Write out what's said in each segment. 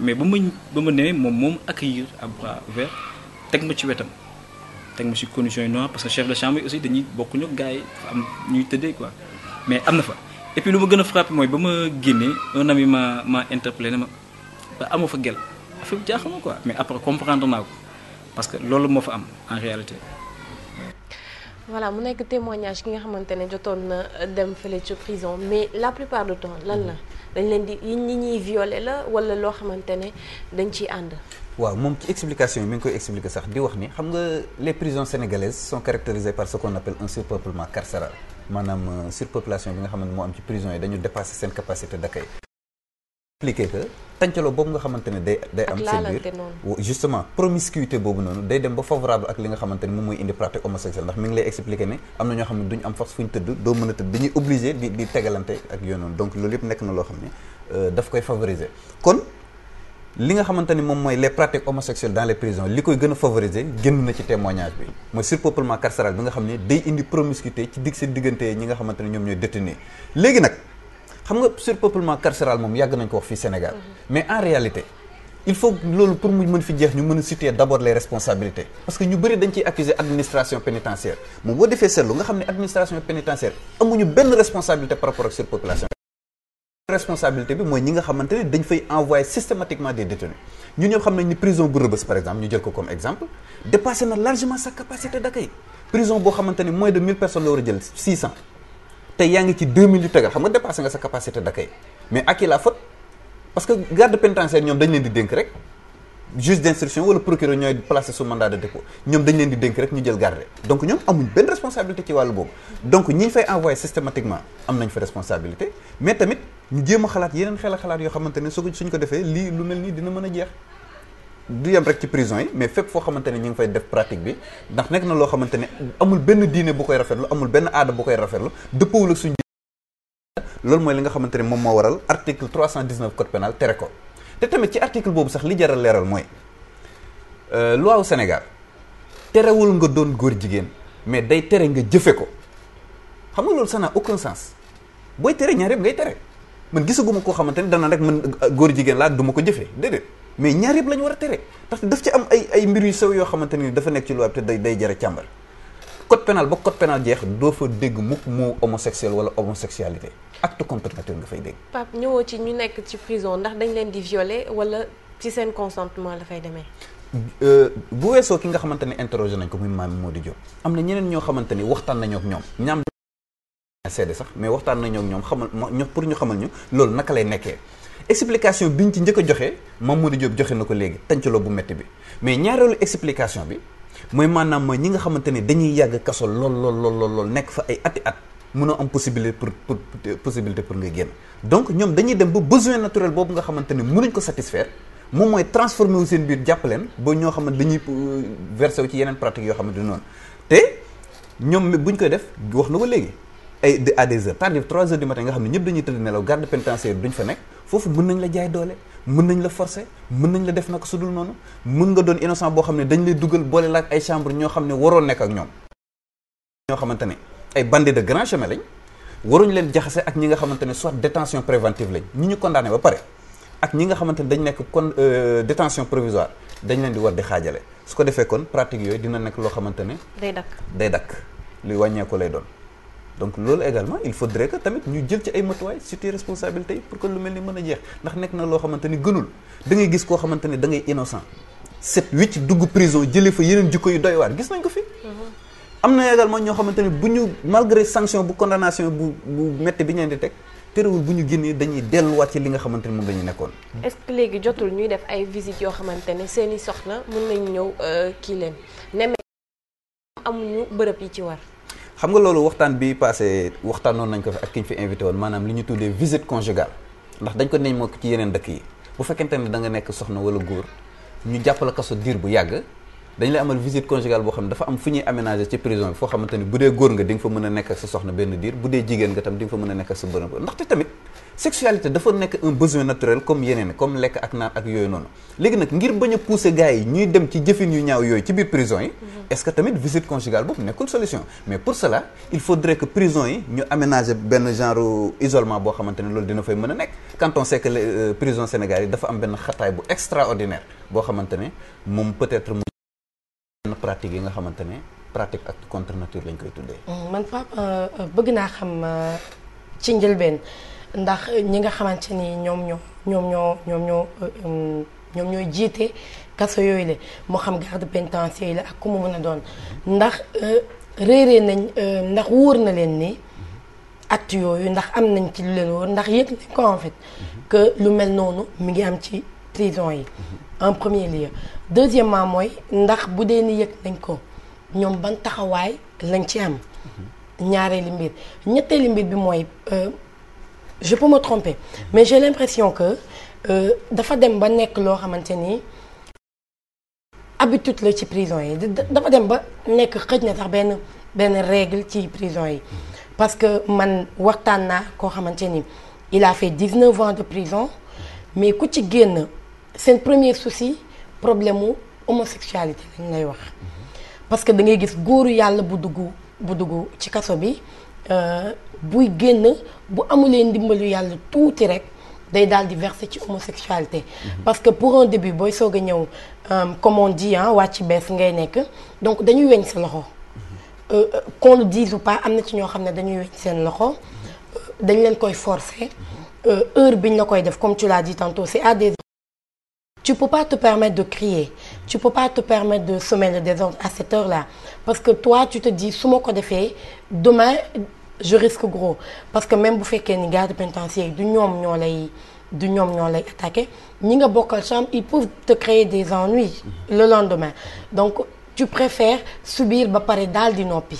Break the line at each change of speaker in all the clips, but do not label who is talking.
mais ba ma ba ma newee moom moom accueillir à bras ouverts teg ma ci wetam teg ma ci condition yi noire parce que chef de chambre yi aussi dañuy bokk ñu gars yi am ñuy tëddee quoi mais am na fa et puis lu ma gën a frappé mooy ba ma génnee un ami ma ma interpellé na ma ba amoo fa gel affaire bi jaaxal ma quoi mais après comprendre naa ko parce que loolu moo fa am en réalité
voilà mu nekk témoignage ki nga xamante ne jotoon na dem fële ci prison mais la plupart de temps lan la dañ leen di yi ñi ñuy violé la wala loo xamante ne dañ ci ànd
waaw moom ci explication yi mi ngi koy expliquer sax di wax ni xam nga les prisons sénégalaises sont caractérisées par ce qu'on appelle un surpeuplement carcéral maanaam euh, surpopulation bi nga xam moo am ci prison yi dañu dépasser seen capacité d'accueil expliquer que tàncaloo boobu nga xamante ne day day am seen biir justement promiscuité boobu noonu day dem ba favorable ak li nga xamante ne moom mooy indi pratique homosexuelle ndax mi ngi lay expliquer ne am na ñoo xam ne duñu am force fu ñu tëdd doo mën a tëdd dañuy obligé di tegalante ak yooyu donc loolu yëpp nekk na loo xam ne euh, daf koy favoriser kon li nga xamante ni moom mooy les pratiques homosexuelles dans les prisons li koy gën a favoriser génn na ci témoignage bi nga xam ne day indi ci digg seen nga xamante ne ñoom ñooy détenu léegi nag xam nga surpeuplement carcéral moom yàgg nañ ko wax fii Sénégal mais en réalité il faut loolu pour mu mën fi jeex ñu mën a situer d' abord les parce que ñu bëri dañ ciy accuser administration pénitentiaire moom boo defee seetlu nga xam ne administration pénitentiaire amuñu benn responsabilité par rapport ak surpopulation responsabilité bi mooy ñi nga xamante ne dañ fay envoyé systématiquement des détenus ñu ñëpp xam nañ ni prison bu Rebeuss tey yaa ngi ci 2000 yu tegal xam nga dépassé nga sa capacité d'accueil mais à qui la faute parce que garde pénitentiaire ñoom dañ leen di dénk rek juge d'instruction wala procureur ñooy placé ñoom dañ leen di dénk rek ñu jël garde donc ñoom amuñ benn responsabilité ci wàllu boobu donc ñi fay envoyé systématiquement am nañ fa responsabilité mais tamit ñu jéem a xalaat yeneen xel a xalaat yoo xamante ne su suñ ko defee lii lu mel nii dina mën a jeex du yem rek ci prison yi mais fépp foo xamante ne ñu ngi fay def pratique bi ndax nekk na loo xamante ne amul benn diine bu koy rafetlu amul benn aada bu koy rafetlu dëppawul ak suñu loolu mooy li nga xamante ne moom moo waral article 319 code pénal tere ko te tamit ci article boobu sax li jaral leeral mooy euh, loi wu Sénégal terewul nga doon góor jigéen mais day tere nga jëfe ko xam nga loolu ça n'a aucun sens booy tere ñaar yëpp ngay tere man gisaguma koo xamante ne dana rek man euh, góor jigéen laa du ko jëfee déedéet mais ñaar yëpp la ñu war a tere parce que daf ci am ay ay mbir yu sew yoo xamante ni dafa nekk ci loi bi te day day jëre càmbar code pénal ba code pénal jeex doo fa dégg mukk moo homosexuel wala homosexualité acte contractuel nga fay dégg.
Pape ñëwoo ci ñu nekk ci prison ndax dañ leen di violer wala ci seen consentement dafay fay demee.
Euh, bu weesoo ki nga xamante ne interrogé nañ ko muy maam moo di jóg am na ñeneen ñoo xamante ni waxtaan nañoo ak ñoom ñaam seede sax mais waxtaan nañoo ak ñoom xamal ma pour ñu xamal ñu loolu naka lay nekkee. explication bi ñu ci njëkk joxe a joxe Mamadou Diop joxe na ko léegi tàncaloo bu métti bi mais ñaareelu explication bi mooy maanaam mooy ñi nga xamante ne dañuy yàgg kaso lool lool lool lool nekk fa ay ati at mënoo am possibilité pour pour possibilité pour nga génn donc ñoom dañuy dem ba besoin naturel boobu nga xamante ne mënuñ ko satisfaire moom mooy transformé seen biir jàppaleen ba ñoo xam ne dañuy euh, versé wu ci yeneen pratique yoo xam xamante noonu te ñoom buñ koy def wax na ko léegi. ay à des heures tardive trois heures du matin nga xam ne ñëpp dañuy tëdd nelaw garde pénitentiaire duñ fa nekk foofu mën nañ la jaay doole mën nañ la forcer mën nañ la def naka sudul noonu mën nga doon innocent boo xam ne dañ lay dugal boole laak ay chambre ñoo xam ne waroo nekk ak ñoom ñoo xamante ne ay bandits de grand chemin lañ waruñ leen jaxase ak ñi nga xamante ne soit détention préventive lañ ñi ñu condamné ba pare ak ñi nga xamante ne dañ nekk kon euh, détention provisoire dañ leen di war di xaajale su ko defee kon pratique yooyu dina nekk loo xamante ne day dakk day dakk luy wàññeeku lay doon donc loolu également il faudrait que tamit ñu jël ci ay matuwaay surtout responsabilité yi pour que lu mel ni mën a jeex ndax nekk na loo xamante ni gënul da ngay gis koo xamante dangay da ngay innocent set wicc dugg prison jële fa yeneen jikko yu doy waar gis nañ ko fi. Mhm. am na également ñoo xamante ni bu ñu malgré sanction bu condamnation bu bu métti bi ñu di teg terewul bu ñu génnee dañuy delluwaat ci li nga xamante ni moom la ñu nekkoon.
est-ce que léegi jotul ñuy def ay visites yoo xamante ne seeni soxna mën nañu ñëw euh, kii leen ne amuñu bërëb yi ci war.
xam nga loolu waxtaan bi passé waxtaanoon nañ ko fi ak ki fi invité woon maanaam li ñu tuddee visite conjugale ndax dañ ko neñ moo ci yeneen dëkk yi bu fekkente ne danga nekk soxna wala góor ñu jàppale kaso diir bu yàgg dañ lay amal visite conjugale boo xam ne dafa am fu ñuy aménager ci prison bi foo xamante bu dee góor nga di fa mën a nekk ak sa soxna benn diir bu dee jigéen nga tam di nga fa mën a nekk ak sa bërëb ndaxte tamit sexualité dafa nekk un besoin naturel comme yeneen comme lekk ak naan ak yi ñuy dem ci jëfin yu ñaaw yooyu ci biir prison yi mhm. est-ce que tamit visite conjugale boobu nekkul solution mais pour cela il faudrait que benn genre isolement boo xamante ne loolu dina fay mën a nekk quand on sait que euh, prison Sénégal yi dafa am benn xataay bu extraordinaire boo xamante ne moom peut-être yenn pratique yi nga xamante ne pratique ak contre nature lañ koy tuddee.
Mm, man papa euh, euh, bëgg naa xam euh, ci njëlbeen ndax ñi nga xamante ni ñoom ñoo ñoom ñoo ñoom ñooy jiite kaso yooyu la moo xam garde pénitentiaire la ak ku mu mën a doon ndax réeree nañ ndax wóor na leen ni acte yooyu ndax am nañ ci lu leen wóor ndax yëg nañ ko en fait mm-hmm. lu mel noonu mi ngi am ci prison yi. Mm-hmm. en premier lieu deuxièmement mooy ndax bu dee ni yëg nañ ko ñoom ban taxawaay lañ ci am ñaareelu mbir ñetteelu mbir bi mooy euh, je peux me tromper mais j'ai l'impression que euh, dafa dem ba nekk loo xamante ni habitude la ci prison yi dafa dem ba nekk xëj na sax benn benn règle ci prison yi parce que man waxtaan naa koo xamante ni il a fait 19 ans de prison mais ku ci génn seen premier souci problème mu homosexualité lañ lay wax parce que da ngay gis góoru yàlla bu dugg bu duggu ci kaso bi euh, buy génn bu amulee ndimbalu yàlla tuuti rek day daal di verser ci homosexualité mhm. parce que pour un début booy soog a ñëw euh, comme on dit ah wàcc bees ngay nekk donc dañuy weñ sa loxo mhm. euh, qu'on le dise ou pas am na ci ñoo xam ne dañuy weñ seen loxo mhm. dañu leen koy forcer heure biñ la koy def comme tu l'as dit tantôt c'est à des tu peux pas te permettre de crier tu peux permettre de semer des désordre à cette heure-là parce que toi tu te dis su ma ko defee demain je risque gros parce que même bu fekkee ni garde pénitentiaire yi du ñoom ñoo lay du ñoom ñoo lay attaqué ñi nga bokkal chambre il peuvent te créer des ennuis le lendemain donc tu préfères subir ba pare daal di noppi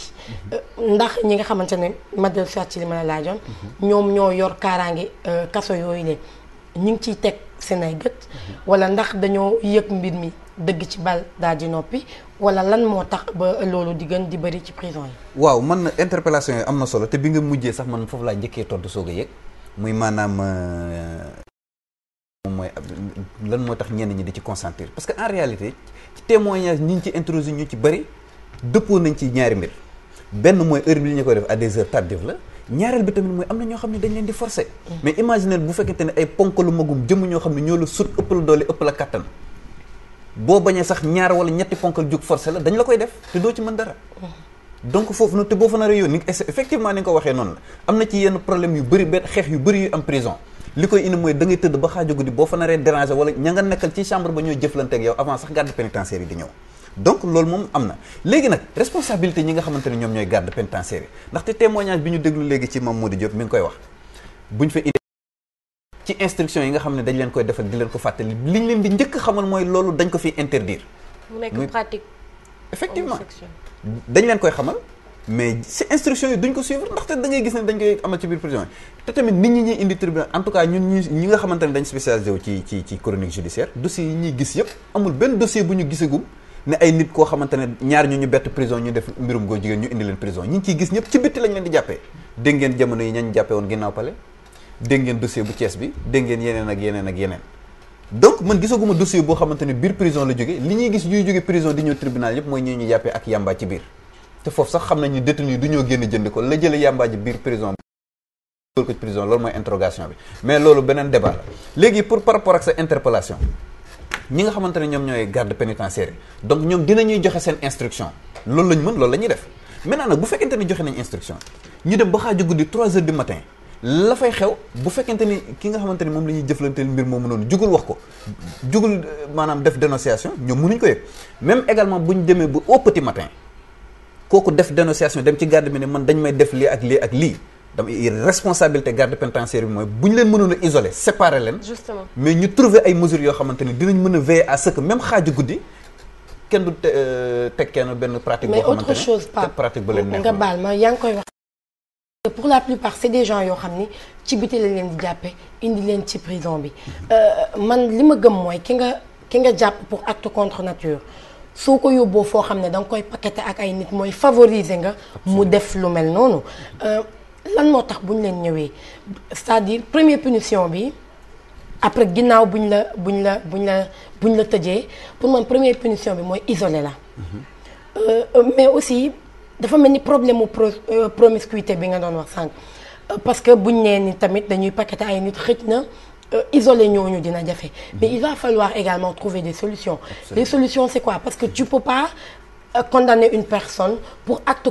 euh, ndax ñi nga xamante ne ma del soit ci li ma la laajoon ñoom ñoo yor kaaraange euh, kaso yooyu leen ñu ngi ciy teg seen ay gët wala ndax dañoo yëg mbir mi dëgg ci bal daal di noppi wala lan moo tax ba loolu di gën di bëri ci prison yi
waaw man interpellation yi am na solo te bi nga mujjee sax man foofu laa njëkkee tontu soog a yëg muy maanaam euh, moom mooy lan moo tax ñenn ñi di ci consentir parce que en réalité ci témoignage ñi ci introduit ñu ci bëri dëppoo nañ ci ñaari mbir benn mooy heure bi li ñu ko def à des heures tardives la ñaareel bi tamit mooy am na ñoo xam ne dañ leen di forcer. mais imaginer bu fekkente ne ay ponkalu magum jëmm ñoo xam ne ñoo la sut ëpp la doole ëpp la kattan boo bañee sax ñaar wala ñetti ponkal jug forcer la dañ la koy def te doo ci mën dara. donc foofu noonu te boo fa nar a yónni effectivement ni nga ko waxee noonu la am na ci yenn problème yu bëri benn xeex yu bëri yu am prison li koy indi mooy da tëdd ba xaaju guddi boo fa donc loolu moom am na léegi nag responsabilité ñi nga xamante ne ñoom ñooy garde pénitentiaire ndaxte témoignage bi ñu déglu léegi ci Mamadou Diop mi ngi koy wax buñ fa idée ci instruction yi nga xam ne dañ leen koy defal di leen ko fàttali liñ leen di njëkk xamal mooy loolu dañ ko fi interdire mu nekk pratique dañ leen koy xamal mais si instruction yi duñ ko suivre ndaxte da ngay gis ne dañ koy amal ci biir prison yi te tamit nit ñi ñuy indi tribunal en tout cas ñun ñu ñi nga xamante ne dañ spécialisé wu ci ci ci chronique judiciaire dossiers yi ñuy gis yëpp amul benn dossier bu ñu gisagum ne ay nit koo xamante ne ñaar ñu ñu bett prison ñu def mbirum góor jigéen ñu indi leen prison ñi ngi ciy gis ñëpp ci bitti lañ leen di jàppee dégg ngeen jamono yi ñañ jàppee woon ginnaaw pale dégg dossier bu Thiès bi dégg ngeen yeneen ak yeneen ak yeneen donc man gisaguma dossier boo xamante ne biir prison la jóge li ñuy gis ñuy jóge prison di ñëw tribunal yëpp mooy ñi ñu jàppee ak yàmbaa ci biir te foofu sax xam nañ ni détenu yi du ñoo génn jënd ko la jële yàmbaa ji biir prison ko ci prison loolu bi mais loolu beneen débat léegi pour par rapport ak sa interpellation ñi nga xamante ne ñoom ñooy garde pénitentiaire donc ñoom dinañuy joxe seen instruction loolu lañ mën loolu la ñuy def maintenant nag bu fekkente ni joxe nañ instruction ñu dem ba xaaju guddi trois heures du matin la fay xew bu fekkente ni ki nga xamante ni moom la ñuy jëflanteel mbir moomu noonu jugul wax ko jugul euh, maanaam def dénonciation ñoom mënuñ ko yëg même également bu ñu demee ba au petit matin kooku def dénonciation dem ci garde bi ne man dañ may def lii ak lii ak lii dama responsabilité garde pénitentiaire bi mooy bu ñu leen mënoon a isoler séparer leen. justement mais ñu trouver ay mesures yoo xamante ni dinañ mën a veiller à ce que même xaaju guddi kenn du euh, teg kenn benn pratique. boo xamante ne mais autre chose Pape pratique leen neex nga
baal ma yaa ngi koy wax. pour la plupart c'est des gens yoo xam ni ci biti la leen di jàppe indi leen ci prison bi euh, man li ma gëm mooy ki nga ki nga jàpp pour acte contre nature. soo ko yóbboo foo xam ne da nga koy paqueté ak ay nit mooy favoriser nga. mu def lu mel noonu. Euh, lan moo tax bu ñu leen ñëwee c'est-à-dire première punition bi après ginnaaw bu ñu la bu ñu la bu ñu la bu ñu la tëjee pour man première punition bi mooy isolé la. Mm-hmm. Euh, mais aussi dafa mel ni problème mu pro euh, promiscuité bi nga doon wax sànq euh, parce que bu ñu nee ni tamit dañuy paqueté ay nit xëj na. isoler ñooñu dina jafe mm-hmm. mais il va falloir également trouver des solutions Absolument. les c'est quoi parce que tu peux pas condamner une personne pour acte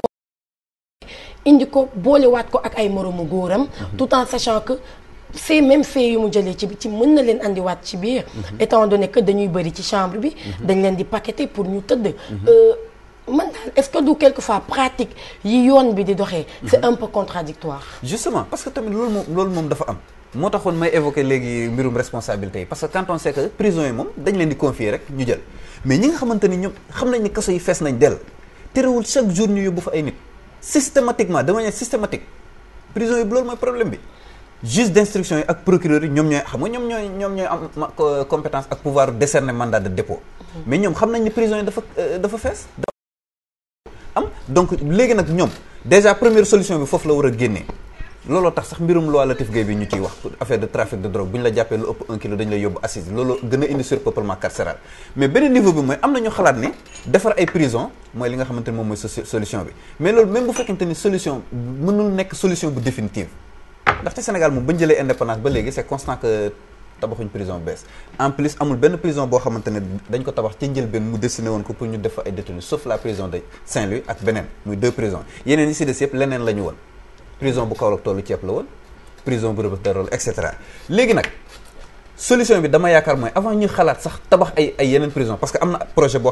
indi ko boolewaat ko ak ay moroomu góoram mhm. tout en sachant que ces mêmes faits yu mu jëlee ci bi ci mën na leen andiwaat ci biir mhm. étant donné que dañuy bëri ci chambre bi mhm. dañ leen di paqueter pour ñu tëdd euh, man daal est-ce que du quelquefois pratique yi yoon bi di doxee c'est un peu contradictoire
justement parce que tamit loolu moom moom dafa am moo taxoon may évoquer léegi mbirum responsabilité yi parce que quand on que prison yi moom dañ leen di confier rek ñu jël mais ñi nga xamante ni ñoom xam nañ ni kaso yi fees nañ dell terewul chaque jour yóbbu fa ay nit systématiquement de manière systématique prison yi loolu mooy problème bi juge d'instruction yi ak procureur yi ñoom ñooy xam nga ñoom ñooy ñoom ñooy am compétence ak pouvoir décerner mandat de dépôt mm-hmm. mais ñoom xam nañ ne prison yi dafa euh, dafa fees am donc léegi nag ñoom déjà première solution bi foofu la war a génnee looloo tax sax mbirum loi Latif Gueye bi ñu ciy wax affaire de trafic de drogue bu ñu la jàppee lu ëpp un kilo dañu lay yóbbu assise looloo gën a indi surpeuplement carcéral mais beneen niveau bi mooy am na ñu xalaat ni defar ay prison mooy li nga xamante ne moom mooy solution bi mais loolu même bu fekkente ni solution mënul nekk solution bu définitive ndaxte Sénégal moom ba ñu jëlee indépendance ba léegi c'est constant que tabaxuñ prison bees en plus amul benn prison boo xamante ne dañ ko tabax ca njëlbeen mu destiné woon ñu def ay détenus sauf la prison de saint la ñu woon prison bu Kaolack tollu ceeb la woon prison bu Rebeuss dara et cetera léegi nag solution bi dama yaakaar mooy avant ñu xalaat sax tabax ay ay yeneen prison parce que am na projet boo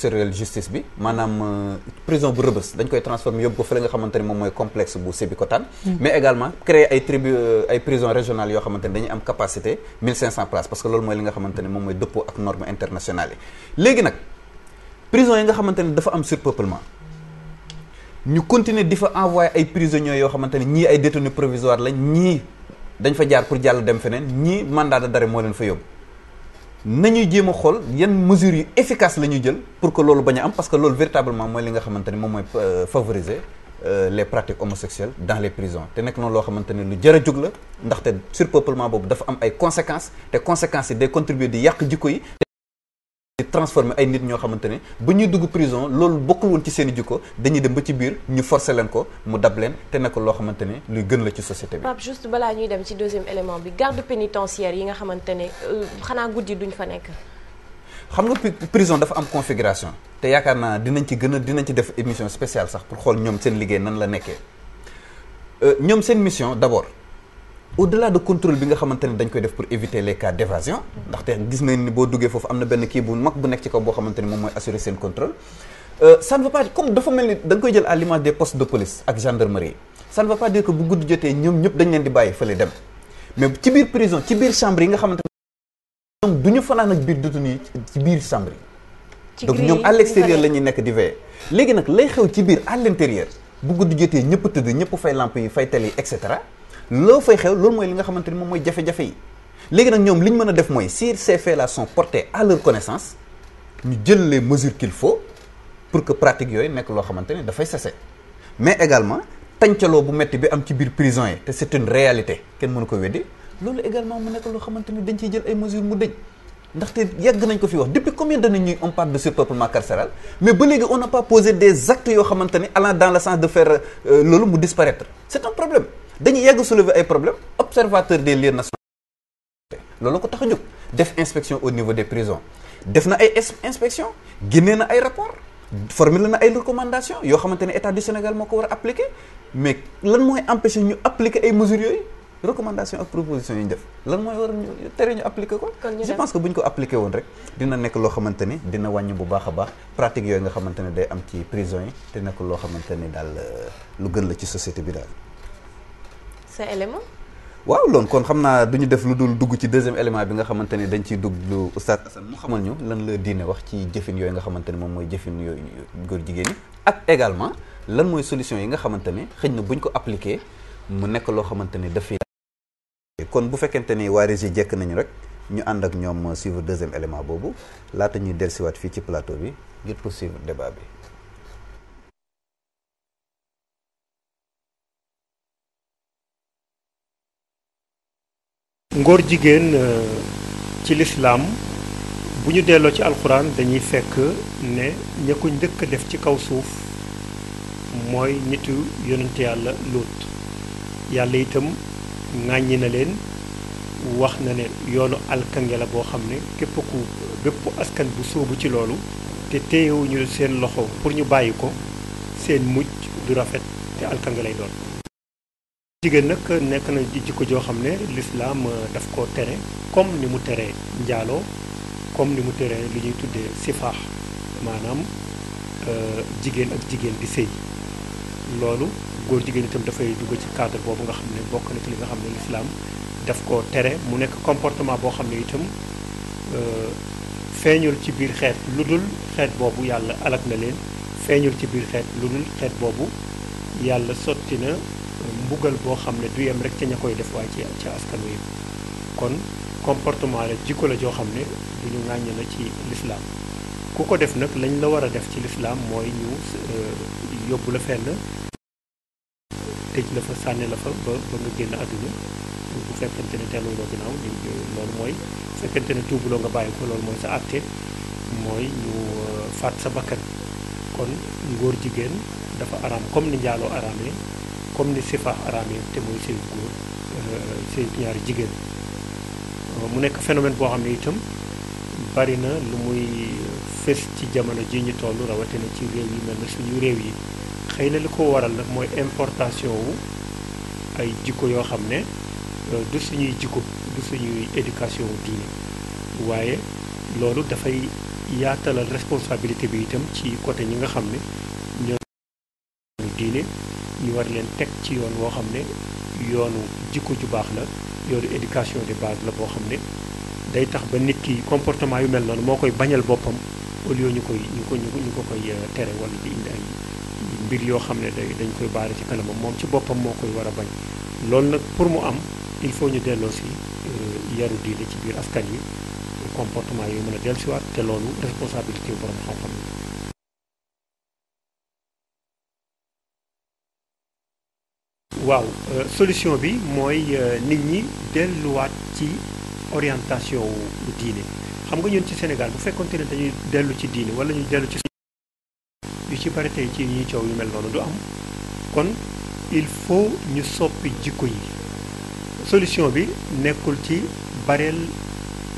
sectoriel justice bi maanaam euh, prison bu Rebeuss dañ koy transformer yóbbu ko fële nga xamante moom mooy complexe bu Sébikotane mm. mais également créer ay tribu euh, ay prison régionales yoo xamante ni dañuy am capacité 1500 places parce que loolu mooy li nga xamante ni moom mooy dëppoo ñu continuer di fa envoyé ay prisonniers yoo xamante ne ñii ay détenus provisoires lañ ñii dañ fa jaar pour jàll dem feneen ñii mandat de d'arrêt moo leen fa yóbbu nañuy jéem a xool yan mesures yu efficaces la ñuy jël pour que loolu bañu am parce que loolu véritablement mooy li nga xamante ni moom mooy euh, favoriser euh, les pratiques homosexuelles dans les prisons te nekk noonu loo xamante ni lu jar a jóg la ndaxte surpeuplement boobu dafa am ay conséquences te conséquences yi day di yàq jikko yi. di transformer ay nit ñoo xamante ne ba ñuy dugg prison loolu bokkul woon ci seen i jikko dañuy dem ba ci biir ñu forcer leen ko mu dab leen te nekk loo xamante ne luy gën la ci société bi. Pape
juste balaa ñuy dem ci deuxième élément bi garde pénitentiaire yi nga xamante ne euh, xanaa guddi duñ fa nekk.
xam nga prison dafa am configuration te yaakaar naa dinañ ci gën a dinañ ci def émission spéciale sax pour xool ñoom seen liggéey nan la nekkee euh, ñoom seen mission d'abord. au-delà de contrôle bi nga xamante ne dañ koy def pour éviter les cas d'évasion ndaxte gis nañ ni boo duggee foofu am na benn kii bu mag bu nekk ci kaw boo xamante ni moom mooy assurer seen contrôle euh, ça ne veut comme dafa mel ni da koy jël à l'image des postes de police ak gendarmerie ça ne veut pas dire bu guddi jotee ñoom ñëpp dañ leen di bàyyi fële dem mais ci biir prison ci biir chambre yi nga xamante ne ñoom du ñu fanaan ak biir détenu yi ci biir chambre yi donc ñoom à l'extérieur la ñuy nekk di veiller léegi nag lay xew ci biir à l'intérieur bu guddi jotee ñëpp tëdd ñëpp fay lampe yi fay et cetera loo fay xew loolu mooy li nga xamante ni moom mooy jafe-jafe yi léegi nag ñoom li ñu mën a def mooy si ces faits là sont portés à leur connaissance ñu jël les mesures qu'il faut pour que pratique yooyu nekk loo xamante ni dafay cesser mais également tàncaloo bu metti bi am ci biir prison yi te c'est une réalité kenn mënu ko weddi loolu également mu nekk loo xamante ni dañ ci jël ay mesures mu dëj ndaxte yàgg nañ ko fi wax depuis combien d'années ñuy on parle de surpeuplement carcéral mais ba pas yoo xamante ni allant dans le sens de faire euh, loolu dañuy yàgg soulever ay problèmes observateur des lieux nationaux loolu ko tax a jóg def inspection au niveau des prison def na ay inspection ginee na ay rapport formule na ay recommandations yoo xamante ne état du Sénégal moo ko war a appliquer mais lan mooy empêcher ñu appliquer ay mesures yooyu recommandation ak proposition yi ñu def lan mooy war ñu tere ñu appliquer ko je pense que bu ñu ko appliquer woon rek dina nekk loo xamante ni dina wàññi bu baax a baax pratique yooyu nga xamante ne day am ci prison yi te nekk loo xamante ni daal euh, lu gën la ci société bi daal c'est élément. waaw loon kon xam naa du ñu def lu dul dugg ci deuxième élément bi nga xamante ne dañ ciy dugg lu Oustaz Assane mu xamal ñu lan la diine wax ci jëfin yooyu nga xamante ne moom mooy jëfin yooyu góor jigéen yi ak également lan mooy solution yi nga xamante ne xëy na buñ ko appliqué mu nekk loo xamante ne dafay kon bu fekkente ni waa Régie jekk nañu rek ñu ànd ak ñoom suivre deuxième élément boobu laata ñuy dellusiwaat fii ci plateau bi ngir poursuivre débat bi
ngor jigéen euh, ci lislaam bu ñu delloo ci alxuraan dañuy fekk ne ña ko njëkk a def ci kaw suuf mooy nitu yonent yàlla lóot yàlla itam ŋàññi na leen wax na ne yoonu alkange la boo xam ne képp ku bépp askan bu sóobu ci loolu te téyewuñu seen loxo pour ñu bàyyi ko seen mujj du rafet te alkange lay doon jigéen nag nekk na jikko joo xam ne lislaam euh, daf ko tere comme ni mu teree njaaloo comme ni mu teree li ñuy tuddee sifaax maanaam euh, jigéen ak jigéen di sëy loolu góor jigéen itam dafay dugg ci cadre boobu nga xam ne bokk na ci li nga xam ne lislaam daf ko tere mu nekk comportement boo xam ne itam euh, feeñul ci biir xeet lu dul xeet boobu yàlla alak na leen feeñul ci biir xeet lu dul xeet boobu yàlla sotti na mbugal boo xam ne du yem rek ca ña koy def waaye ci ci askan wi kon comportement la jikko la joo xam ne du ñu ŋàññi na ci lislaam ku ko def nag lañ la war a def ci lislaam mooy ñu euh, yóbbu la fenn tëj la fa sànni la fa ba nga génn àdduna bu fekkente ne teeluloo ginnaaw loolu mooy fekkente ne tuubuloo nga bàyyi ko loolu mooy sa àtte mooy ñu euh, faat sa bakkat kon ngóor jigéen dafa araam comme ni njaaloo araamee comme ni sifaax araamee te mooy sëy góor euh, sëy ñaari jigéen euh, mu nekk phénomène boo xam ne itam bari na lu muy fës ci jamono ji ñu toll rawatina ci réew yi mel na suñu réew yi xëy na li ko waral nag mooy importation wu ay jikko yoo xam ne euh, du suñuy jikko du suñuy éducation wu diine waaye loolu dafay yaatalal responsabilité bi itam ci côté ñi nga xam ne ñu war leen teg ci yoon woo xam ne yoonu jikko ju baax la yoonu éducation de base la boo xam ne day tax ba nit ki comportement yu mel noonu moo koy bañal boppam au lieu ñu koy ñu ko ñu ko koy euh, tere wala di indi ay mbir yoo xam ne day dañ koy baare ci kanamam moom ci boppam moo koy war a bañ loolu nag pour mu am il faut ñu delloo si euh, yaru diine ci biir askan yi comportement yooyu mën a dell dellusiwaat te loolu responsabilité borom xam-xam waaw euh, solution bi mooy euh, nit ñi delluwaat ci orientation wu diine xam nga ñun ci Sénégal bu fekkoonte ne dañuy dellu ci diine wala ñu dellu ci yu ci bari tey ci yi coow yu mel noonu du am kon il faut ñu soppi jikko yi solution bi nekkul ci bareel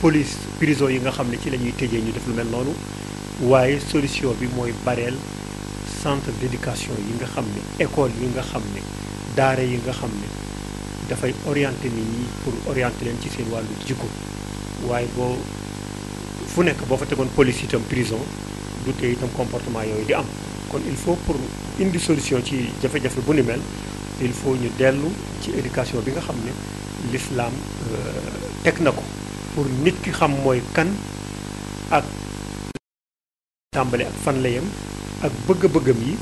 police prison yi nga xam ne ci la ñuy tëjee ñu def lu mel noonu waaye solution bi mooy bareel centre d'éducation yi nga xam ne école yi nga xam ne daare yi nga xam ne dafay orienté nit ñi pour orienté leen ci seen wàllu jiko waaye boo fu nekk boo fa tegoon police itam prison du tey itam comportement yooyu di am kon il faut pour indi solution ci jafe-jafe bu ni mel il faut ñu dellu ci éducation bi nga xam ne l'islam euh, teg na ko pour nit ki xam mooy kan ak tàmbali ak fan yem ak bëgg-bëggam yi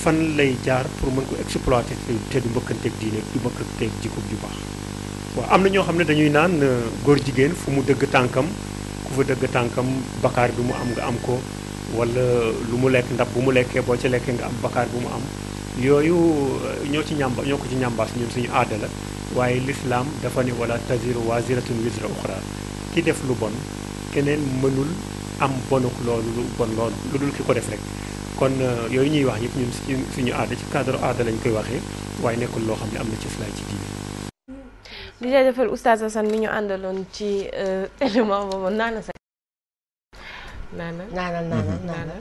fan lay jaar pour mën ko exploiter te du mbëkkanteeg diine du mbëkkanteeg jikko ju baax waaw am na ñoo xam ne dañuy naan euh, góor jigéen fu mu dëgg tànkam ku fa dëgg tànkam bakaar bi mu am nga am ko wala lu mu lekk ndab bu mu lekkee boo ci lekkee nga am bakaar bu mu am yooyu euh, ñoo ci ñàmba ñoo ko ci ñàmbaas ñun suñu aadala waaye lislaam dafa ne wala taziru waziratun wizra uxra ki def lu bon keneen mënul am bonuk loolu lu bon loolu lu dul ki ko def rek kon euh, yooyu ñuy wax yëpp ñun suñu suñu aada ci cadre aada lañ koy waxee waaye nekkul loo xam ne am na cëslaay ci diine.
di jaajëfal oustaz Assane mi ñu àndaloon ci euh, élément boobu naana sa
naana naana naana naana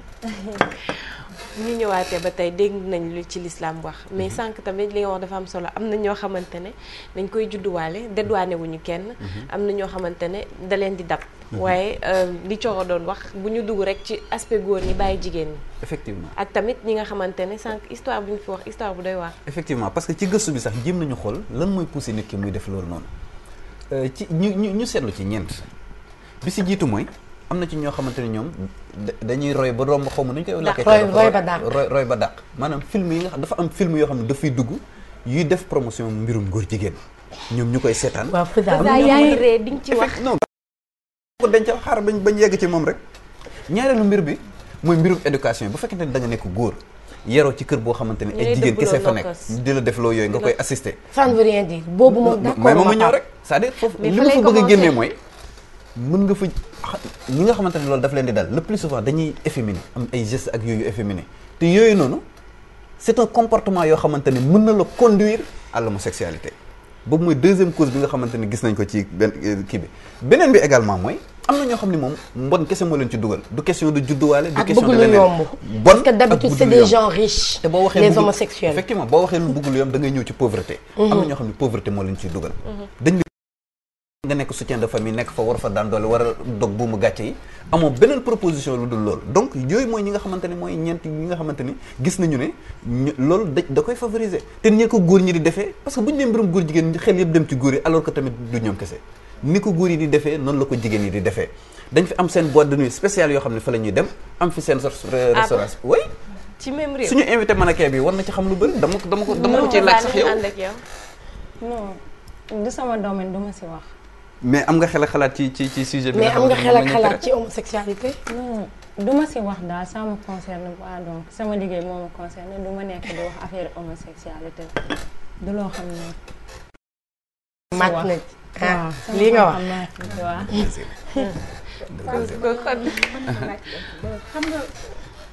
ñu ñëwaatee ba tey dégg nañu lu ci lislaam wax mhm. mais sànq tamit li nga wax dafa am solo am na ñoo xamante ne dañ koy judduwaale dédouané wuñu kenn mhm. am na ñoo xamante ne da leen di dab mhm. waaye euh, li coro doon wax bu ñu dugg rek ci aspect góor yi bàyyi jigéen ñi effectivement ak tamit ñi nga xamante ne sànq histoire bu ñu fi wax histoire bu doy waar
effectivement parce que ci gëstu bi sax jéem nañu xool lan mooy poussé nit ki muy def loolu noonu euh, ci ñu ñu seetlu ci ñeent bi si jiitu mooy am na ci ñoo xamante ne ñoom dañuy roy ba doom ba ma nu ñu koy lakkee roy ba dàq roy ba dàq maanaam film yi nga xam dafa am film yoo xam ne dafay dugg yuy def promotion mbirum góor jigéen ñoom ñu koy seetaan ci wax non ko denc xaar bañ bañ yegg ci moom rek ñaareelu mbir bi mooy mbirum éducation bu fekkente ne da nga nekk góor yeroo ci kër boo xamante ne ay jigéen kese fa nekk di def loo yooyu nga koy assister
ça ne veut rien dire boobu moom d'accord mais moom ma ñëw rek
cest à foofu li ma ko bëgg a génnee mooy mën nga fa ñi nga xamante ne loolu daf leen di dal le plus souvent dañuy efféminé am ay gestes ak yooyu efféminé te yooyu noonu c'est un comportement yoo xamante ne na la conduire à l'homosexualité boobu mooy deuxième cause bi nga xamante ne gis nañ ko ci benn euh, kii bi beneen bi également mooy am na ñoo xam ne moom mbon kese moo leen ci dugal du question de judduwaale du question de leneen bon parce que d'habitude c'est des
boo waxee les homosexuels
effectivement boo waxee lu bëggul yomb da ngay ñëw nga nekk soutien de famille nekk fa war fa daan doole war a dog bu mu gàcce yi amoo beneen proposition lu dul loolu donc yooyu mooy ñi nga xamante ne mooy ñeent ñi nga xamante ni gis nañu ne lool da da koy favoriser te ñee ko góor ñi di defee parce que bu ñu nee mbirum góor jigéen xel yëpp dem ci góor yi alors que tamit du ñoom kese ni ko góor yi di defee noonu la ko jigéen yi di defee dañ fi am seen boîte de nuit spéciale yoo xam ne fa la ñuy dem am fi seen ah restaurant oui ci même réew bi war na ci xam lu bëri dama ko dama ko ko ci laaj sax yow
non du
mais am nga xel ak xalaat ci ci ci sujet bi. mais am nga xel ak ci
homosexualité. non du ma si wax daal ça me concerne pas donc sama liggéey moom ma concerne du ma nekk di wax affaire homosexualité
du loo xam ne.
mat na ah,
lii nga wax waaw.
xam nga.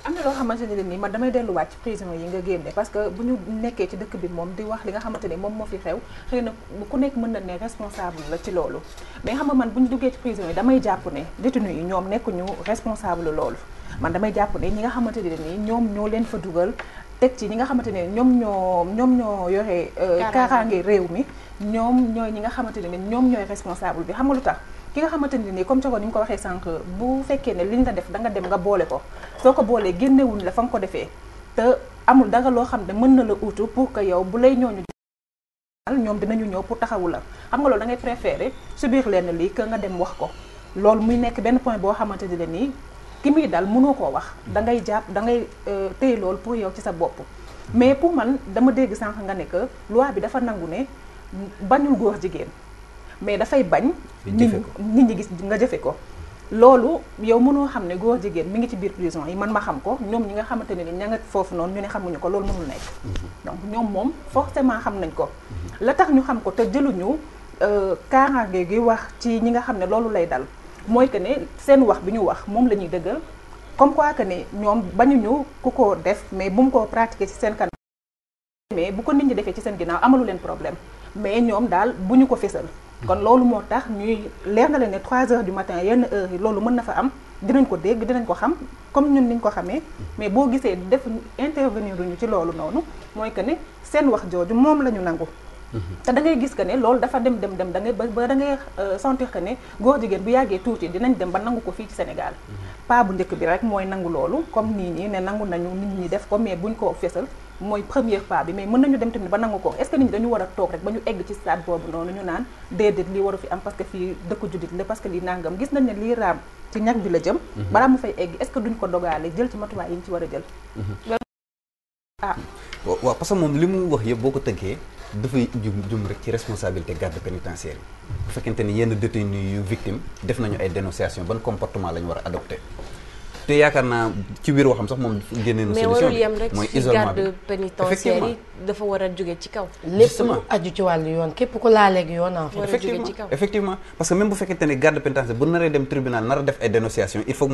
am na loo xamante ne nii man damay delluwaat ci prison yi nga génne parce que bu ñu nekkee ci dëkk bi moom di wax li nga xamante ne moom moo fi xew xëy na ku nekk mën na ne responsable la ci loolu mais xam nga man bu ñu duggee ci prison yi damay jàpp ne détenu yi ñoom nekkuñu responsable loolu man damay jàpp ñi nga xamante ne nii ñoom ñoo leen fa dugal teg ci ñi nga xamante ne ñoom ñoo ñoom ñoo yore euh, kaaraange réew mi ñoom ñooy ñi nga xamante ne ñoom ñooy responsable bi xam nga tax ki nga xamante ne nii comme Thiago ni mu ko waxee sànq bu fekkee ne li ñu la def danga dem nga boole ko soo ko boolee génnewuñ la fa nga ko defee te amul dara loo xam ne mën na la uutu pour que yow bu lay ñooñu ñoom dinañu ñëw pour taxawu la xam nga loolu da ngay préférer subir leen lii que nga dem wax ko loolu muy nekk benn point boo xamante ne la nii ki muy dal mënoo koo wax da ngay jàpp da ngay euh, téye loolu pour yow ci sa bopp mais pour man dama dégg sànq nga ne que loi bi dafa nangu ne bañul góor jigéen mais dafay bañ. nit nit ñi gis nga jëfe ko. loolu yow mënoo xam ne góor jigéen mi ngi ci biir prison yi man ma xam ko ñoom ñi nga xamante ne ni ña foofu noonu ñu ne xamuñu ko loolu mënul nekk. Mhm. donc ñoom moom forcément xam nañ ko. la tax ñu xam ko te jëluñu euh, kaaraange gi wax ci ñi nga xam ne loolu lay dal mooy que ne seen wax bi ñu wax moom la ñuy dëggal comme quoi que ne ñoom bañuñu ku ko def mais bu mu ko pratiquer ci seen kanam mais bu ko nit ñi defee ci seen ginnaaw amalu leen problème mais ñoom daal bu ñu ko fésal. kon loolu moo tax ñuy leer na leen trois 3 heures du matin yenn heures yi loolu mën na fa am dinañ ko dégg dinañ ko xam comme ñun niñ ko xamee mais boo gisee def intervenir ñu ci loolu noonu mooy que ne seen wax jooju moom la ñu nangu te dangay gis que ne loolu dafa dem dem dem da ngay ba da ngay euh, sentir que ne góor jigéen bu yàggee tuuti dinañ dem ba nangu ko fii ci senegal mm-hmm. pas bu njëkk bi rek mooy nangu loolu comme nii nii ne nangu nañu nit ñi def ko mais buñ ko fesal mooy premier pas bi mais mën nañu dem tamit ba nangu ko est nit ñi dañu war a toog rek ba ñu egg ci stade boobu noonu ñu naan déedéet lii waru fi am parce que fii dëkku juddit la parce que lii nangam gis nañ ne lii raam ci ñag bi la jëm mm-hmm. balaa mu fay egg est-ce duñ ko dogaale jël ci matuwaay yi a jël
mm-hmm. ah waaw parce que moom li mu wax yëpp boo ko tënkee dafay jum jum rek ci responsabilité garde pénitentiaire yi bu fekkente ni yenn détenu yu victime def nañu ay dénonciation ban comportement la ñu war a adopté te yaakaar naa ci biir waxam sax moom génne na mais warul yem rek ci garde
pénitentiaire yi dafa war a jóge ci kaw lépp lu aju ci wàllu yoon képp ku laaleeg yoon en
effectivement parce que même bu fekkente ne garde pénitentiaire bu naree dem tribunal nar a def ay dénonciation il faut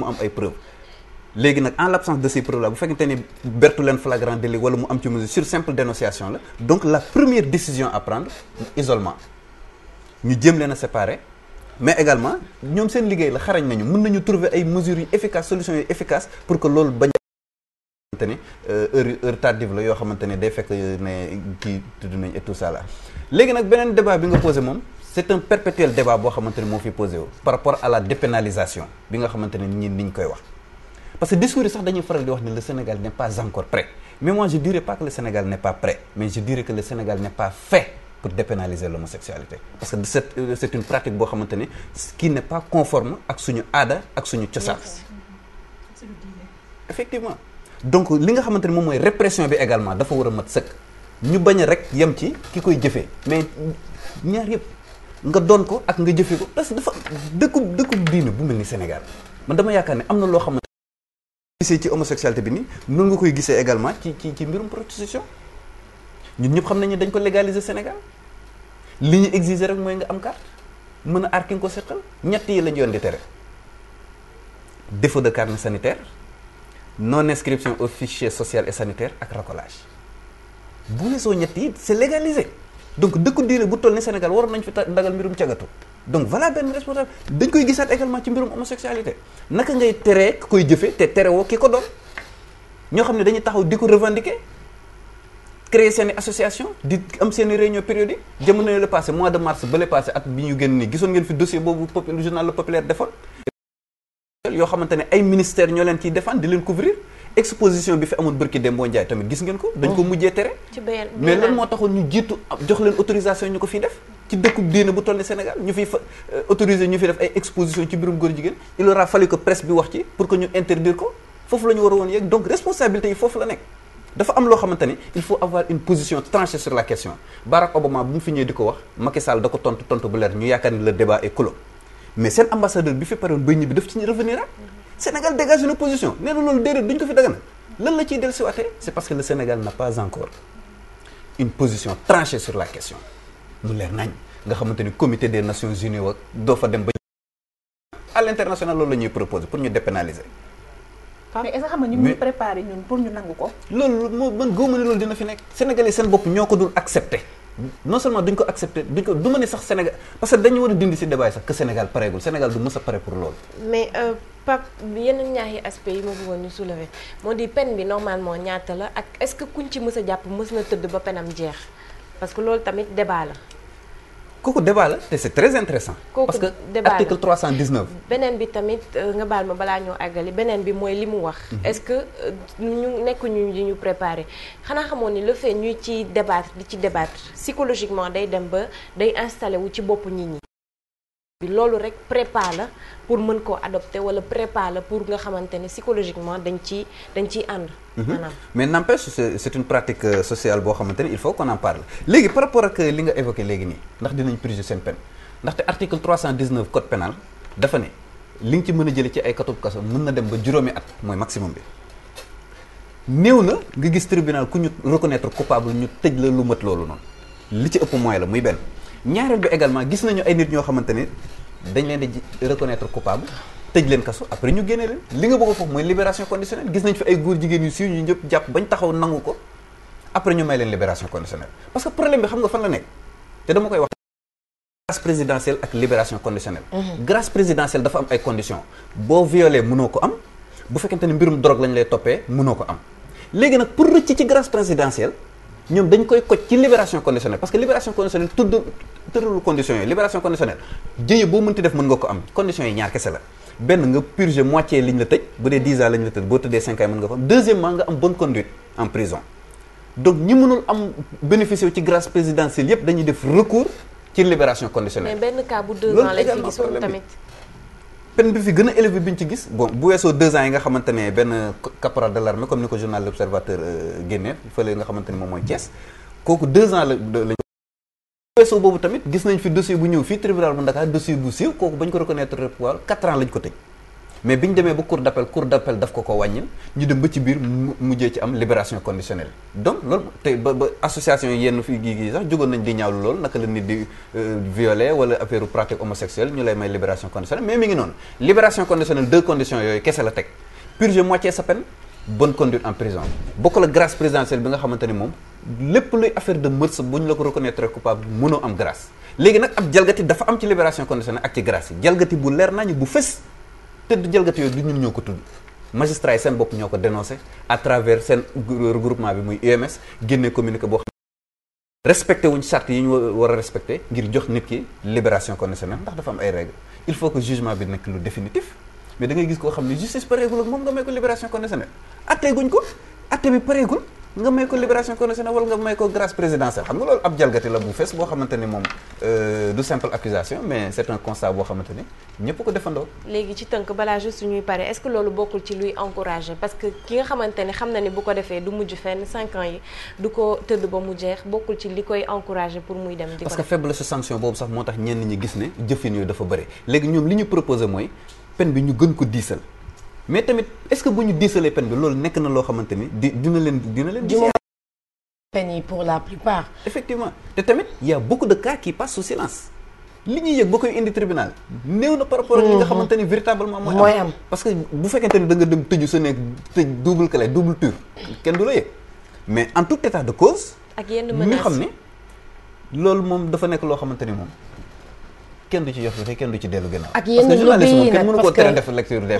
léegi nag en l' absence de ces preuves bu fekkente ni Berthoulène flagrant délit wala mu am ci mesure sur simple dénonciation la donc la première décision à prendre isolement ñu jéem leen a séparer mais également ñoom seen liggéey la xarañ nañu mun nañu trouver ay mesures yu efficaces solutions yu efficaces pour que loolu bañ xamante ni euh, heure heure la yoo xamante ne day fekk ne kii tudd nañ et tout ça là léegi nag beneen débat bi nga posé moom c' boo xamante ne moo fi posé wu par rapport bi nga xamante ne ñi niñ koy wax parce que discours yi sax dañuy faral di wax ne le Sénégal n'est pas encore prêt mais moi je dirais pas que Sénégal n'est pas prêt mais je dirais que le Sénégal n'est pas fait pour dépénaliser l'homosexualité parce que c'est euh, une pratique boo xamante ne qui n'est pas conforme ak suñu aada ak suñu cosaan effectivement donc li nga xamante ne moom mooy répression bi également dafa war a mat sëkk ñu bañ a rek yem ci ki koy jëfee mais ñaar yëpp nga doon ko ak nga jëfee ko parce que dafa gisee ci homosexualité bi nii noonu nga koy gisee également ci ci ci mbirum prostitution ñun ñëpp xam nañu dañ ko légaliser Sénégal li ñu exiger rek mooy nga am carte mën a aar ki nga ko seqal ñett yi lañ yoon di tere défaut de carte sanitaire non inscription au fichier social et sanitaire ak racolage bu weesoo ñett yi c'est légalisé donc dëkku diine bu toll ni Sénégal waroon nañ fi ta ndagal mbirum cagatu donc voilà benn responsable dañ koy gisaat également ci mbirum homosexualité naka ngay teree ku koy jëfee te terewoo ki ko doon ñoo xam ne dañuy taxaw di ko revendiquer créer seen i association di am seen i réunion périodique jamono la passé mois de mars ba le passé at bi ñu génn nii gisoon ngeen fi dossier boobu le journal Le Populaire defoon yoo xamante ne ay ministères ñoo leen ciy défendre di leen couvrir exposition bi fi amoon bërki Dembo Ndiaye tamit gis ngeen ko dañ ko mm. mujjee tere mais lan moo taxoon ñu jiitu jox leen autorisation ñu ko fiy def ci dëkkub diine bu toll ni Sénégal ñu fiy fa euh, autorisé ñu fi def ay exposition ci mbirum góor jigéen il aura fallu que presse bi wax ci pour que ñu interdire ko foofu la ñu war a woon yeeg donc responsabilité yi foofu la nekk dafa am loo xamante ni il faut avoir une position tranchée sur la question Barack Obama bu mu fi ñëwee di ko wax Macky Sall da ko tontu tontu bu leer ñu yaakaar ni le débat est clos mais seen ambassadeur bi fi woon bay ñibbi daf ci que le Sénégal n'a pas la question lu leer nañ nga xamante ni comité des nations unies wa doo fa dem ba à l'international loolu la ñuy proposer pour ñu dépénaliser ah. mais est pour ñu nangu ko loolu moo man gëwuma ne loolu dina fi nekk sénégalais seen bopp ñoo ko dul accepté non seulement duñ ko accepté duñ ko du ma ne sax Sénégal parce que dañu war a dindi ci débat sax que Sénégal pareegul Sénégal du mës a pare pour loolu
mais euh, Pape yeneen ñaari aspect yi ma bëggoon ñu soulever moo di peine bi normalement ñaata la ak est-ce que kuñ ci mës a jàpp mës tëdd ba penam jeex parce que loolu tamit débat la.
kooku débat la te c'est très intéressant
parce que article
319
beneen bi tamit euh, nga baal ma balaa ñoo àggali beneen bi mooy li mu wax mhm. est-ce que euh, ñu nekk ñu ñu préparé xanaa xamoon ni le fait ñuy ci débattre di ci débattre psychologiquement day dem ba day installé wu ci bopp nit ñi loolu rek prépa la pour mën koo adopter wala prépa la pour nga xamante ne psychologiquement dañ ci dañ ciy ànd. maanaam
mais n'empêche c'est une pratique euh, sociale boo xamante ne il faut que en parle léegi par rapport ak euh, li nga évoqué léegi nii ndax dinañ purger seen peine ndaxte article 319 code pénal dafa ne li nga ci mën a jëlee ci ay katub kaso mën na dem ba juróomi at mooy maximum bi. néew na nga gis tribunal ku ñu reconnaître coupable ñu tëj la lu mat loolu noonu li ci ëpp mooy la muy benn. ñaareel bi également gis nañu ay nit ñoo xamante ne dañ leen di reconnaître coupable tëj leen kaso après ñu génne leen li nga bëgg foofu mooy libération conditionnelle gis nañ fi ay góor jigéen yu siiw ñu ñëpp jàpp bañ taxaw nangu ko après ñu may leen libération conditionnelle parce que problème bi xam nga fan la nekk te dama koy wax grâce présidentielle ak libération conditionnelle mhm. grâce présidentielle dafa am ay conditions boo violé mënoo ko am bu pour rëcc ci grâce ñoom dañ koy koj ci libération conditionnelle parce que libération conditionnelle tudd tëralu conditions yi libération conditionnelle jëye boo mënti def mën nga ko am conditions yi ñaar kese la benn nga purger moitié liñ la tëj bu dee 10 ans la tëj boo tëddee 5 mën nga ko am deuxièmement nga am bonne conduite en prison donc ñi mënul am bénéficier ci grâce présidentielle yépp dañuy def recours ci libération conditionnelle. peine bi fi gën a élevé bi ñu ci gis bon bu weesoo deux ans yi nga xamante ne benn caporal de l'armée comme ni ko journal l'observateur euh, génnee fële nga xamante moom mooy Thiès kooku deux ans la lañ weesoo boobu tamit gis nañ fi dossier bu ñëw fii tribunal bu Ndakaar dossier bu siiw kooku bañ ko reconnaître pouvoir quatre ans lañ ko tëj mais bi ñu demee ba cour d'appel cour d'appel daf ko ko wàññil ñu dem ba biir mu mujjee ci am libération conditionnelle donc loolu tey ba ba association yenn fii gii gii sax jógoon nañ di ñaawlu lool naka la nit di euh, violer wala affaire pratique homosexuelle ñu lay may libération conditionnelle mais mi ngi noonu libération conditionnelle deux conditions yooyu kese la teg purger moitié sa peine bonne conduite en prison bokk la grâce présidentielle bi nga xamante ni moom lépp luy affaire la ko reconnaître coupable mënoo am grâce léegi nag ab jalgati dafa am ci libération conditionnelle ak ci grâce yi jalgati bu leer nañu bu fës tëdd jalgati yooyu du ñun ñoo ko tudd magistrats yi seen bopp ñoo ko dénoncé à travers seen regroupement bi muy UMS génne communiqué boo xam respecté wuñ charte yi ñu war a respecté ngir jox nit ki libération conditionnelle ndax dafa am ay règles il faut que jugement bi nekk lu définitif mais da ngay gis koo xam ne justice pareegul ak moom nga may ko libération conditionnelle atte guñ ko atte bi pareegul nga may ko libération conditionnelle wala nga may ko grâce présidentielle xam nga loolu ab jalgati la bu fees boo xamante ne moom euh, du simple accusation mais c'est un constat boo xamante ne ñëpp ko defandoo.
léegi ci tënk balaa juste suñuy pare est-ce que loolu bokkul ci luy parce que ki nga xamante ne xam na ni bu ko defee du mujj fenn cinq ans yi du ko tëdd ba mu jeex bokkul ci li koy encourager pour muy dem.
di ko parce que faible su sanction boobu sax moo tax ñenn ñi gis ne jëfin yooyu dafa bëri léegi ñoom li ñu proposé mooy peine bi ñu gën ko diisal. mais tamit est-ce que bu ñu diisalee peine bi loolu nekk na loo xamante ni di dina leen dina leen. di peine yi pour la plupart. effectivement te tamit y a beaucoup de cas qui passent sous silence. li ñuy yëg ba koy indi tribunal néew na par rapport ak li nga mhm. xamante ni véritablement mooy am parce que bu fekkente ni danga nga dem tëju sa nekk tëj double clé double tour kenn du la yëg mais en tout état de cause
ak yenn menaces ñu xam ne
loolu moom dafa nekk loo xamante ni moom kenn du ci yox te kenn du ci